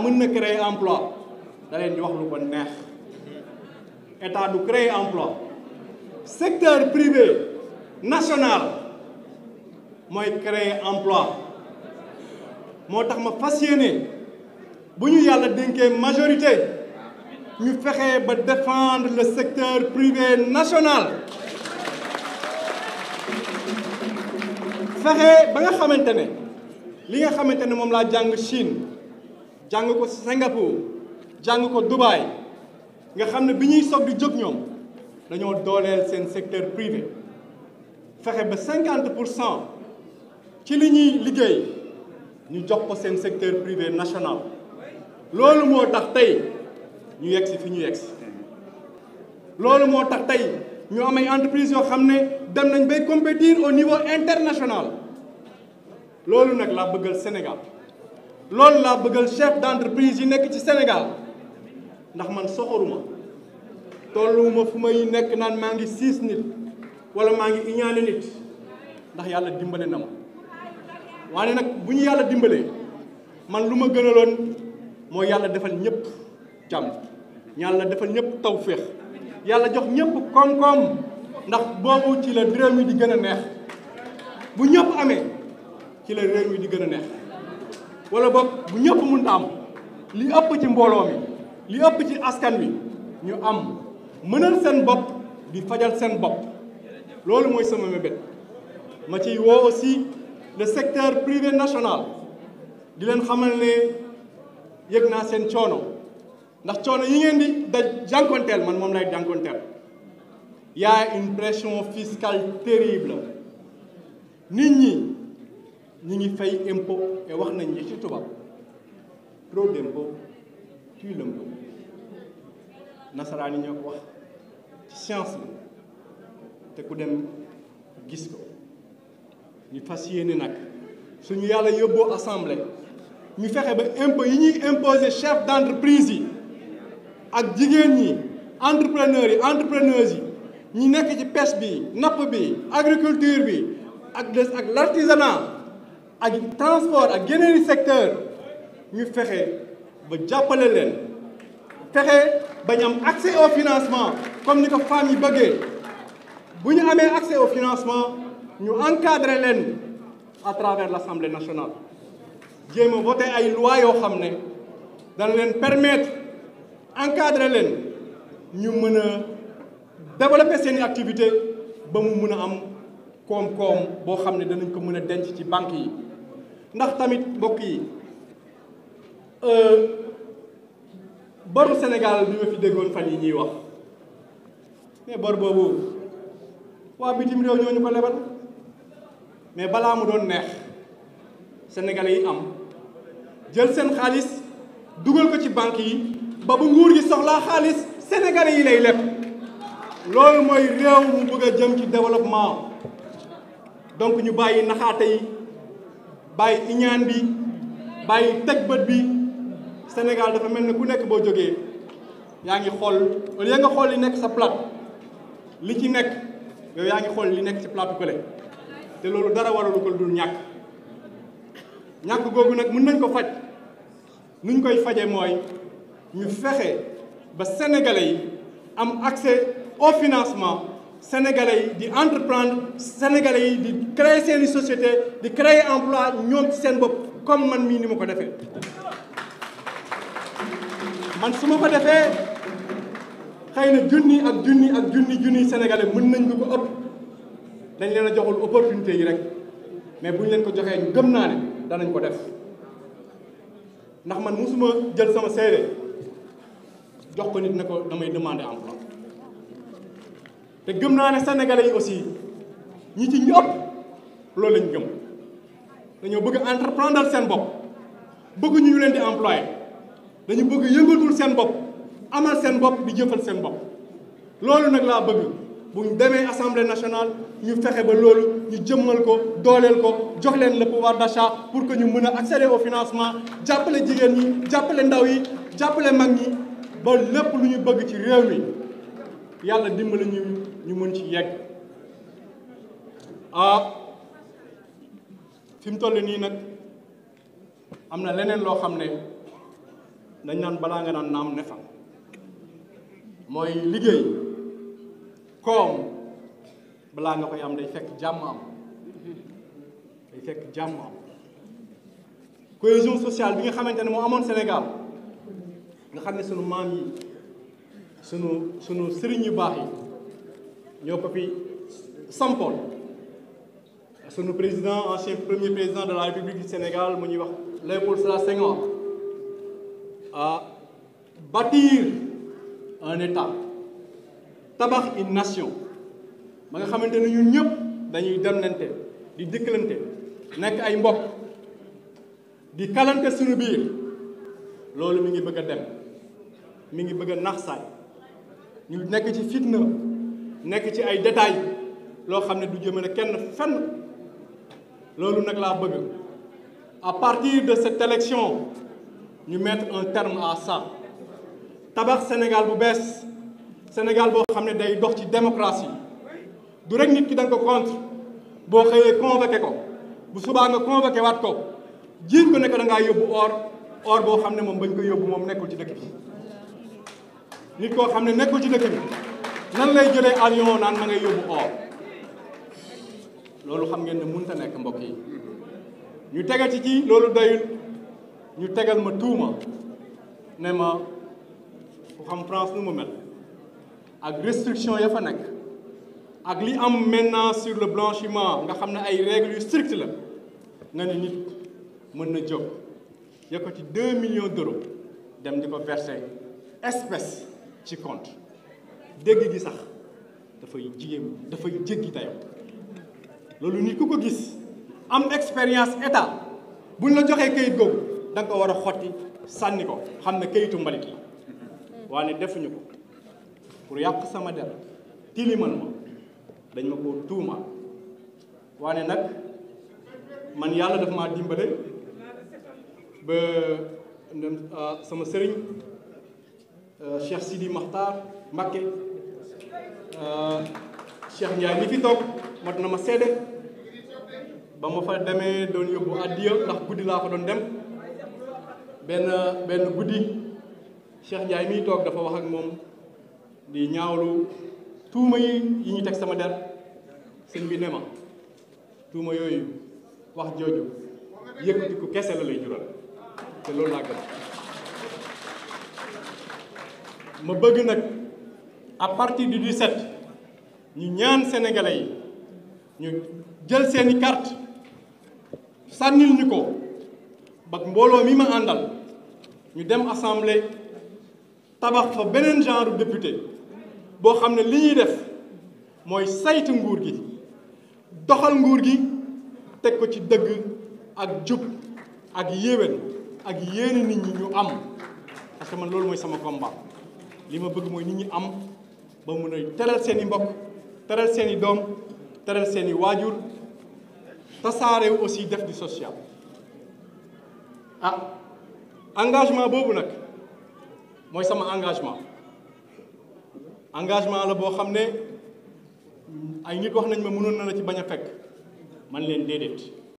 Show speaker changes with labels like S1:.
S1: mën na créer emploi daleen di wax lu ko neex état du créer emploi secteur privé national mooy créer emploi moo tax ma fas bu ñu yàlla dénkee majorité ñu fexe ba défendre le secteur privé national fexe ba nga xamante ne li nga xamante ne moom laa jàng Chine jàng ko Singapour jàng ko Dubaï nga xam ne bi ñuy soog di jóg ñoom dañoo dooleel seen secteur privé fexe ba cinquante pour cent ci li ñuy liggéey ñu jox ko seen secteur privé national loolu moo tax tey ñu yegsi fi ñu yegsi loolu moo tax tey ñu am ay entreprise yoo xam ne dem nañ bay compétir au niveau international loolu nag laa bëggal Sénégal loolu laa bëggal chef d'entreprise yi nekk ci senegal ndax man soxoruma tolluwuma fu may nekk naan maa ngi siis nit wala maa ngi iñaane nit ndax yàlla dimbale na ma waaye nag bu ñu yàlla dimbalee man lu ma gënaloon moo yàlla defal ñëpp jàmm yàlla defal ñëpp tawféex yàlla jox ñëpp koom-koom ndax boobu ci la réew mi di gën a neex bu ñëpp amee ci la réew mi di gën a neex wala boog bu ñëpp mun am li ëpp ci mbooloo mi li ëpp ci askan bi ñu am mënal seen bopp bi fajal seen bopp loolu mooy sama mébét ma ci woo aussi le secteur privé national di leen xamal ne yëg naa seen coono ndax coono yi ngeen di daj jànkonteel man moom lay jànkonteel y a une pression fiscale terrible nit ñi ñu ngi fay impo et wax nañ ñi ci tubaab trop d'impôt tue l'impôt nasaraan yi ñoo ko wax ci science la te ku dem gis ko ñu fas yéene nag suñu yàlla yóbboo assemblée ñu fexe ba impôt yi ñuy imposer chef d'entreprise yi ak jigéen ñi entrepreneurs yi entrepreneurs yi ñu nekk ci pêche bi napp bi agriculture bi ak des ak l'artisanat ak transport ak yeneeni secteur ñu fexe ba jàppale leen fexe ba ñu am accès au financement comme ni ko femmes yi bëggee bu ñu amee accès au financement ñu encadrer leen à travers l'Assemblée nationale jéem a voté ay loi yoo xam ne dana leen permettre encadrer leen ñu mën a développer seeni activité ba mu mun a am koom-koom boo xam ne danañ ko mën a denc ci banque yi ndax tamit mbokk yi euh, boru Sénégal bi ma fi déggoon fan yi ñuy wax mais bor boobu waa bitim réew ñoo ñu ko lebal mais balaa mu doon neex sénégalais yi am jël seen xaalis dugal ko ci banque yi ba bu nguur gi soxlaa xaalis sénégalais yi lay leb loolu mooy réew mu bëgg a jëm ci développement donc ñu bàyyi naxaate yi bàyyi iñaan bi bàyyi teg bët bi Sénégal dafa mel ni ku nekk boo jógee yaa ngi xool au lieu nga xool li nekk sa plat li ci nekk yow yaa ngi xool li nekk ci platu kële te loolu dara waralu ko dul ñàkk ñàkk googu nag mun nañ ko faj nuñ koy faje mooy ñu fexe ba sénégalais yi am accès au financement sénégalais yi di entreprendre sénégalais yi di créer seeni société di créer emploi ñoom ci seen bopp comme man mii ni ma ko defee man su ma ko defee xëy na junni ak junni ak junni junni sénégalais mën nañ ko ko ëpp dañ leen a joxul opportunité yi rek mais bu ñu leen ko joxee ñu gëm naa ne danañ ko def ndax man musuma jël sama CV jox ko nit ne ko damay demander emploi te gëm naa ne sénégalais yi aussi ñi ci ñëpp loolu lañ gëm dañoo bëgg entreprendre seen bopp bëgg ñu ñu leen di employé dañu bëgg yëngatul seen bopp amal seen bopp di jëfal seen bopp loolu nag laa bëgg bu ñu demee assemblée nationale ñu fexe ba loolu ñu jëmmal ko dooleel ko jox leen le pouvoir d'achat pour que ñu mën a accéder au financement jàppale jigéen ñi jàppale ndaw yi jàppale mag ñi ba lépp lu ñu bëgg ci réew mi yàlla dimbali ñu. ñu mën ci yegg ah fi mu toll nii nag am na leneen loo xam ne dañ naan balaa nga naan naam ne fa mooy liggéey koom balaa nga koy am day fekk jàmm am day fekk jàmm am
S2: cohésion sociale bi nga xamante ne moo amoon Sénégal
S1: nga xam ne sunu maam yi sunu sunu sëriñ yu baax yi ñoo ko fi sampoon sunu président ancien premier président de la république du Sénégal mu ñuy wax Léopold Sédar Senghor à bâtir un état tabax une nation ba nga xamante ne ñun ñëpp dañuy demlante di dëkkalante nekk ay mbokk di kalante suñu biir loolu mi ngi bëgg a dem mu ngi bëgg a naxsaay ñu nekk ci fitna nekk ci ay détails loo xam ne du jëmale kenn fenn loolu nag laa bëgg à partir de cette élection ñu mettre un terme à ça tabax Sénégal bu bees Sénégal boo xam ne day dox ci démocratie du rek nit ki da ko contre boo xëyee convoqué ko bu subaa nga convoqué waat ko jiiñ ko nekk da ngaa yóbbu or or boo xam ne moom bañ ko yóbbu moom nekkul ci dëkk bi nit koo xam ne nekkul ci dëkk bi nan lay jëlee avion naan ma ngay yóbbu or loolu xam ngeen ne mun a nekk mbokk yi ñu tegal ci loolu doyul ñu tegal ma tuuma ne ma ku xam France nu mu mel ak restriction ya fa nekk ak li am maintenant sur le blanchiment nga xam ne ay règles yu strictes la nga ne nit mën na jóg yëkkati 2 millions d'euros dem di ko verser espèce ci compte dégg gi sax dafay jigéen dafay jéggi dayoo loolu ni ku ko gis am expérience état buñ la joxee kayit googu da ko war a xotti sànni ko xam ne kayitu mbalit la waane defuñu ko pour yàq sama der tilimal ma dañ ma ko tuuma waane nag man yàlla daf ma dimbale ba ah, sama sëriñ ah, Cheikh Sidi Makhtar Mbacké Euh, Cheikh Ndiaye mi fi toog mat na ma seede ba ma fa demee doon yóbbu addiya ndax guddi laa fa doon dem benn benn guddi Cheikh Ndiaye miy toog dafa wax ak moom di ñaawlu tuuma yi yi ñu teg sama der sëñ bi ne ma tuuma yooyu wax jooju yëkkati ko kese la lay jural te loolu laa gëm ma bëgg nag à partir du 17 ñu ñaan sénégalais yi ñu jël seeni carte sànnil ñu ko ba mbooloo mi ma àndal ñu dem assemblée tabax fa beneen genre député boo xam ne li ñuy def mooy saytu nguur gi doxal nguur gi teg ko ci dëgg ak jub ak yéwén ak yéene nit ñi ñu am parce man loolu mooy sama combat li ma bëgg mooy nit ñi am ba mun a teral seen i mbokk teral seeni i doom teral seeni waajur tasaarew aussi def di social ah engagement boobu nag mooy sama engagement engagement la boo xam ne ay nit wax nañ ma mënoon na la ci bañ a fekk man leen déedéet